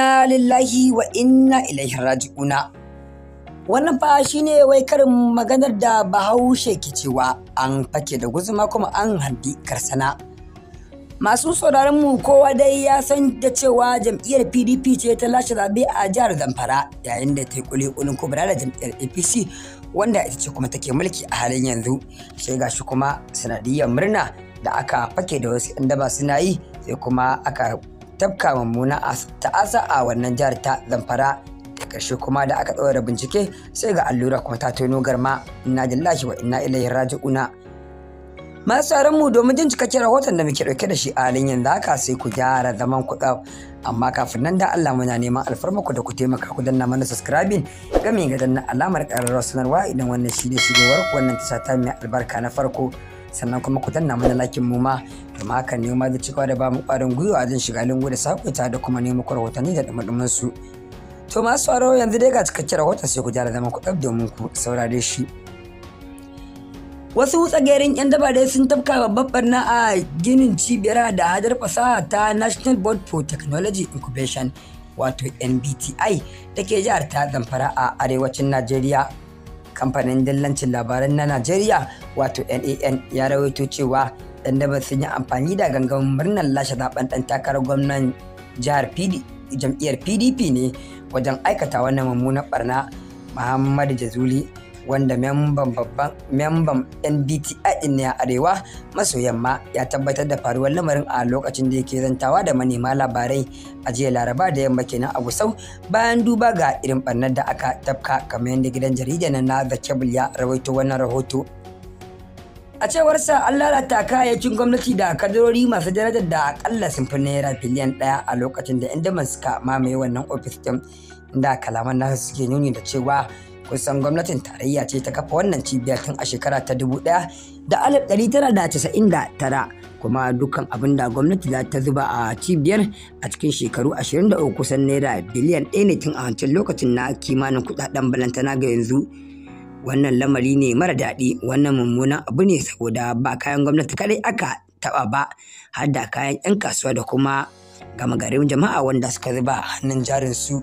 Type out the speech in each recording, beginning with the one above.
inna lillahi wa inna ilaihi raji'una wannan fa shine wai karin maganar da bahaushe ke cewa an fake da guzuma kuma an handi karsana masu sauraron mu kowa dai ya san da cewa jam'iyyar pdp ce ta lashe zabe a jihar zamfara yayin da ta yi kulikulin kubra da jam'iyyar apc wanda ita ce kuma take mulki a halin yanzu sai gashi kuma sanadiyar murna da aka fake da wasu 'yan daba suna yi sai kuma aka tafka mummuna ta'asa a wannan jihar ta zamfara da ƙarshe kuma da aka tsawara bincike sai ga allura kuma ta tono garma inna laki wa inna ilaihi raji'una masu mu domin jin cikakken rahoton da muke ɗauke da shi a halin yanzu haka sai ku gyara zaman ku amma kafin nan da Allah muna neman alfarma ku da ku taimaka ku danna mana subscribing gami ga danna alamar ƙararrawar sanarwa idan wannan shi ne shigowar wannan ta ta mai albarka na farko sannan kuma ku danna mana lakin mu ma domin ma ne ma da cikawa da bamu ƙarin gwiwa a jin shiga lingu da sakuta da kuma nemo ku rahotanni da dumadumin su. To masu tsaro yanzu dai ga cikakken rahoton sai ku jara zama ku ɗab domin ku saurare shi. Wasu tsagerin 'yan daba dai sun tafka babbar barna a ginin cibiyar da hadar fasaha ta National Board for Technology Incubation wato NBTI da ke jihar ta zamfara a arewacin Najeriya. Kamfanin dillancin labaran na Najeriya wato nan ya rawaito cewa yan daba sun yi amfani da gangamin murnar lashe zaben dan takarar gwamnan jihar jam'iyyar pdp ne wajen aikata wannan mummunan barna muhammadu jazuli wanda memban din ne a arewa maso yamma ya tabbatar da faruwar lamarin a lokacin da yake zantawa da manema labarai a jiya laraba da yamma kenan a gusau bayan duba ga irin barnar da aka tafka kamar yadda gidan jarida na the cable ya rawaito wannan rahoto a cewar sa, an lalata kayayyakin gwamnati da kadarori masu darajar da akalla sun fi naira biliyan ɗaya a lokacin da yan suka mamaye wannan ofis din da kalaman nasu suke nuni da cewa kusan gwamnatin tarayya ce ta kafa wannan cibiyar tun a shekara ta dubu ɗaya da alif ɗari tara da casa'in da tara kuma dukkan abin da gwamnati za ta zuba a cibiyar a cikin shekaru ashirin da uku kusan naira biliyan ɗaya ne tun a wancan lokacin na kimanin kuɗaɗen balantana ga yanzu wannan lamari ne mara daɗi wannan mummunan abu ne saboda ba kayan gwamnati kadai aka taɓa ba har da kayan 'yan kasuwa da kuma gama garin jama'a wanda suka zuba hannun jarin su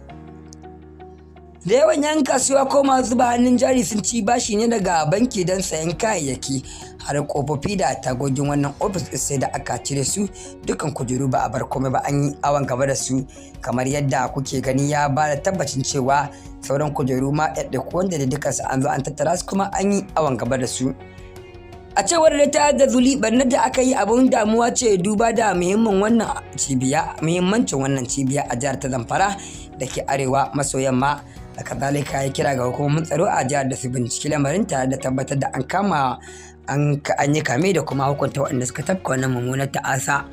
da yawan yan kasuwa ko masu zuba hannun jari sun ci bashi ne daga banki don sayan kayayyaki har kofofi da tagogin wannan ofis ɗin sai da aka cire su dukan kujeru ba a bar komai ba an yi awon gaba da su kamar yadda kuke gani ya ba da tabbacin cewa sauran kujeru ma ɗaɗɗaiku wanda da su an zo an tattara su kuma an yi awon gaba da su a cewar da ta da zuli barna da aka yi abun damuwa ce duba da muhimmin wannan cibiya muhimmancin wannan cibiya a jihar ta zamfara da ke arewa maso yamma da kazalika ya kira ga hukumomin tsaro a jihar da su binciki lamarin tare da tabbatar da an kama an yi kame da kuma hukunta waɗanda suka tafka wannan mummunar ta'asa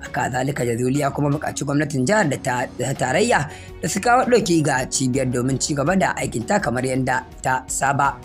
A kazalika da zuliya kuma buƙaci gwamnatin jihar da ta tarayya da su kawo ɗauki ga cibiyar domin ci gaba da aikinta kamar yadda ta saba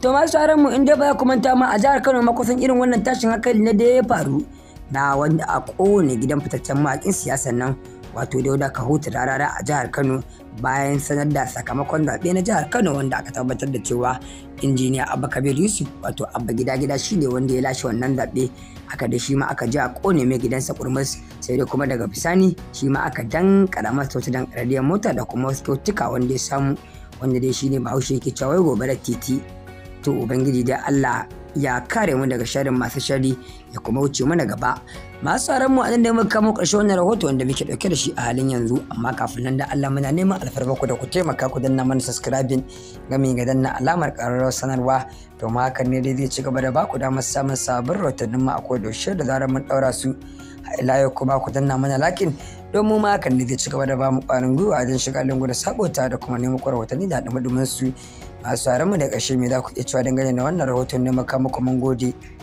to masu tsaron mu inda ba kuma ta ma a jihar kano makusan irin wannan tashin hankali na da ya faru na wanda a kowane gidan fitaccen makin siyasan nan wato dauda kahuta rarara a jihar kano bayan sanar da sakamakon zaɓe na jihar kano wanda aka tabbatar da cewa injiniya abba kabir yusuf wato abba gida gida shi ne wanda ya lashe wannan zaɓe aka da shi ma aka ji a kone mai gidansa kurmus sai dai kuma daga bisani shi ma aka dan karama sautu dan radiyar mota da kuma wasu kyautuka wanda ya samu wanda dai shine bahaushe yake cewa wai gobarar titi to ubangiji da allah ya kare mu daga sharrin masu shari ya kuma wuce mana gaba masu tsaron mu nan da muka kamo ƙarshe wannan rahoto wanda muke ɗauke da shi a halin yanzu amma kafin nan da Allah muna neman alfarma ku da ku taimaka ku danna mana subscribing gami ga danna alamar ƙararrawar sanarwa to ma hakan ne dai zai ci gaba da ba ku damar samun sabbin rahotannin mu a kodayaushe da zarar mun ɗaura su ila kuma ku danna mana lakin don mu ma kan ne zai ci da ba mu ƙwarin gwiwa don shiga lungu da sabota da kuma neman rahotanni da haɗu su masu mu da ƙarshe me za ku iya cewa dangane da wannan rahoton ne muka muku mun gode.